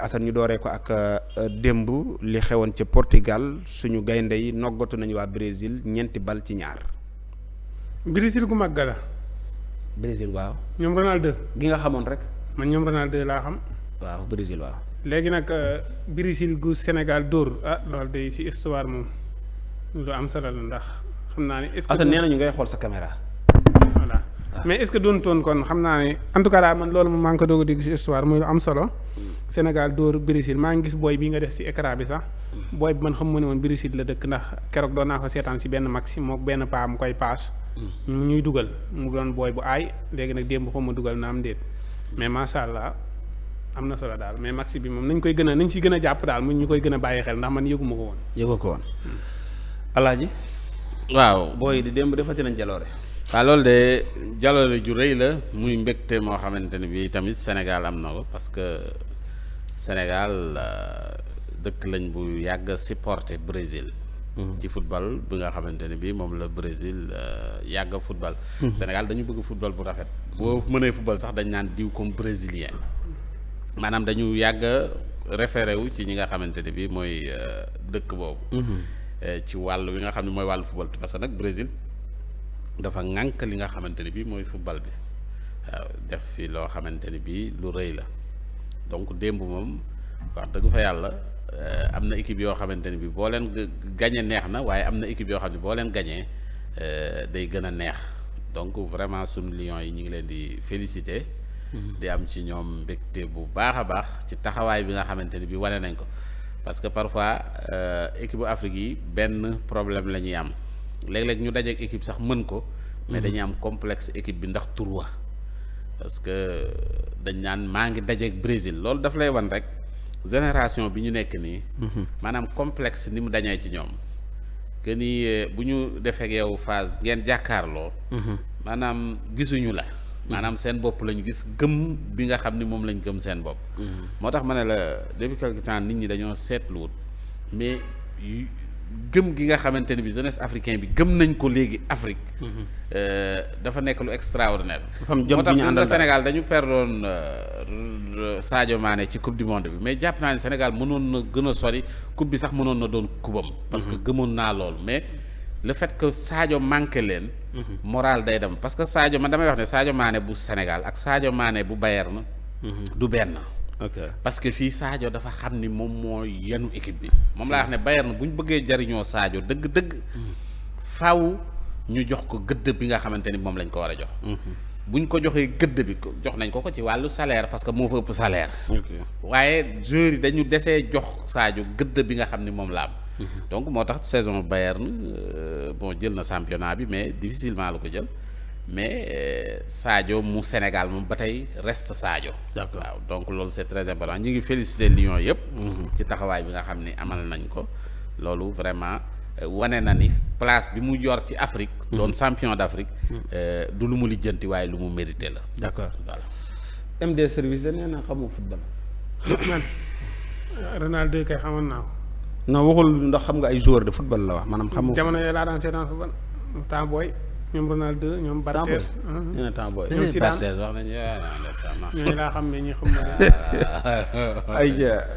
Assane ñu dooree ko ak euh, démb li xewoon ca Portugal suñu gaynde yi noggatu nañu waa Brésil ñeenti bal ci ñaar. Brésil gu mag la. Brésil waaw. ñoom Ronaldo. gi nga xamoon rek. man ñoom Ronaldo laa xam. waaw Brésil waaw. léegi nag euh, Brésil gu Sénégal dóor ah loolu day ci histoire moom lu am solo ndax xam naa ne. est-ce que Assane nee ngay xool sa kamera mais est ce que doonutoon kon xam naa ne en tout cas daal man loolu moom maa ngi ko doog a dégg ci histoire muy lu am solo Sénégal dóor Brésil maa ngi gis booy bi nga def ci écran bi sax booy bi man xam ma ne woon Brésil la dëkk ndax keroog doon naa ko seetaan ci benn maxi mook benn paa mu koy paas hmm. mu ñuy dugal mu doon booy bu aay léegi nag démb xaw ma dugal na am déet mais macha allah am na solo daal mais maxi bi moom nañ koy gën a nañ ci gën a jàpp daal mu ñu koy gën a bàyyi xel ndax man yëguma ko woon yëgoo ko woon hmm. alaaji waaw booy di démb defati nañ jaloore waaw loolu de jaloore ju rëy la muy mbégte moo xamante ne bii tamit Sénégal am na ko parce que Sénégal euh, dëkk lañ bu yàgg supporter Brésil. Mhm. ci football bi nga xamante ne bii moom la Brésil euh, yàgg football. Mhm. Sénégal dañu bëgg football bu rafet. boo mënee football sax dañ naan diw comme brésilien maanaam dañu yàgg référé wu ci ñi nga xamante ne bii mooy euh, dëkk boobu. Mhm. ci wàll bi nga xam ne mooy wàll football parce que nag Brésil. dafa ŋànk li nga xamante ne bii mooy football bi waaw def fi loo xamante ni bii lu rëy la donc démb moom wax dëgg fa yàlla euh, am na équipe yoo xamante ni bii boo leen gañe neex na waaye am na équipe yoo xam ne boo leen gañee euh, day gën a neex donc vraiment sunu Lions yi ñu ngi leen di féliciter. Mm-hmm. di am ci ñoom mbégte bu baax a baax ci taxawaay bi nga xamante ni bii wane nañ ko parce que parfois euh, équipe bu Afrique yi benn problème la ñuy am. léeg-léeg ñu dajeek équipe sax mën ko mais hmm. dañuy am complexe équipe bi ndax tur wa parce que dañ naan maa ngi dajeek Brésil loolu daf lay wan rek génération bi ñu nekk nii hmm. maanaam complexe ni mu dañee ci ñoom que ni euh, bu ñu defee yow phase ngeen jàkkaarloo hmm. maanaam gisuñu la maanaam seen bopp lañu gis gëm bi nga xam ni moom lañ gëm seen bopp moo tax ma ne la depuis quelque temps nit ñi dañoo seetluwut mais gëm gi nga xamante ne bi jeunesse africain bi gëm nañ ko léegi Afrique. Mhm. Euh, dafa nekk lu extraordinaire. dafa am jom ñu àndal moo tax Sénégal dañu perdoon euh, Sadio Mané ci coupe du monde bi mais jàpp naa ne Sénégal mënoon na gën a sori coupe bi sax mënoon na doon kubam. parce que mhm. gëmoon naa lool mais le fait que Sadio manqué leen. Mhm. moral day dem parce que Sadio man damay wax ne Sadio maane bu Sénégal ak Sadio maane bu Bayern. du benn. parce que fii Sadio dafa xam ni moom moo yenu équipe bi moom laa xam ne Bayern bu ñu bëggee jariñoo saajo dëgg-dëgg mm-hmm. faaw ñu jox ko gëdd bi nga xamante ni moom lañ ko war a jox mm-hmm. buñ ko joxee gëdd bi jox nañ ko ko ci wàllu salaire parce que moo fa ëpp salaire waaye joueurs yi dañu desee jox Sadio gëdd bi nga xam ni moom laa am mm-hmm. donc moo tax saison Bayern euh, bon jël na championnat bi mais difficilement la ko jël mais euh, Sadio mu Sénégal moom ba tey rest Sadio. d'accord waaw donc loolu c'est très important ñu ngi féliciter Lions yëpp. Mhm. ci taxawaay bi nga xam ni amal nañ ko. loolu vraiment euh, wane na ni place bi mu yor ci Afrique. Mhm. doon champion d'Afrique. Mhm. Euh, du lu mu lijjanti waaye lu mu mérité la. d'accord voilà. MD service da nee na xamoo football. man Ronaldo kay xamoon naa ko. non waxul ndox xam nga ay joueur de football la wax maanaam xamoo. jamono yooyu laa daan seetaan football temps booy. ñoom Ronaldo ñoom Barthez. ñu ne Tamboy ñoom Zidane wax nañu waaw ah, laa xam ne ñi xam na. ayja.